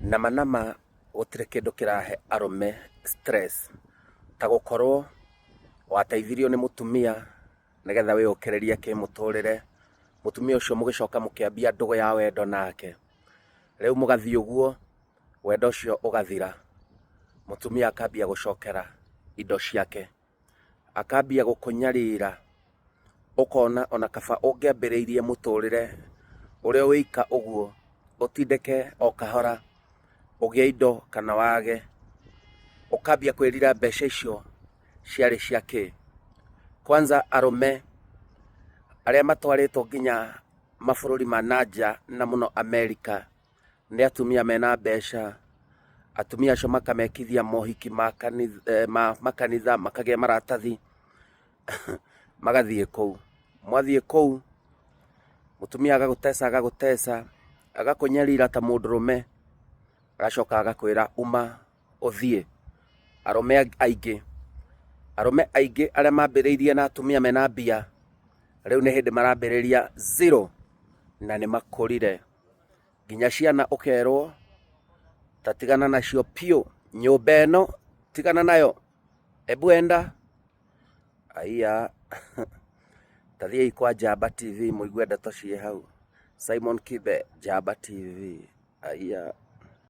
nama nama gutire kindu kirahe arume stress ta gukorwo wateithirio ni mutumia nigetha wiukirerie muturire mutumia ucio mugicoka mukiambia ndugu ya wendo nake riu mugathii uguo wendo ucio ugathira mutumia akambia gucokera indo ciake akambia gukunyarira ukona ona kaba ungiambiriirie muturire uria wika uguo utindike okahora kahora ugie indo kana wage ukambia kwirira mbeca icio ciari cia kwanza arume aria matwaritwo nginya mabururi ma nanja na muno Amerika ni atumia mena mbeca atumia acio makamekithia mohiki eh, makanitha makagia maratathi magathie kou mwathie kou mutumia agaguteca agaguteca agakunyarira ta mundurume agacoka agakwĩra uma ũthiĩ arome aingĩ arome aingĩ arĩa mambĩrĩirie na atumia mena mbia rĩu nĩ hĩndĩ marambĩrĩria zero na nĩ makũrire nginya ciana ũkerwo ta tigana nacio piũ nyũmba ĩno tigana nayo ebu enda ta tathiĩi kwa Jamba TV mũigue ndeto ciĩ hau Simon Kibe Jamba TV aia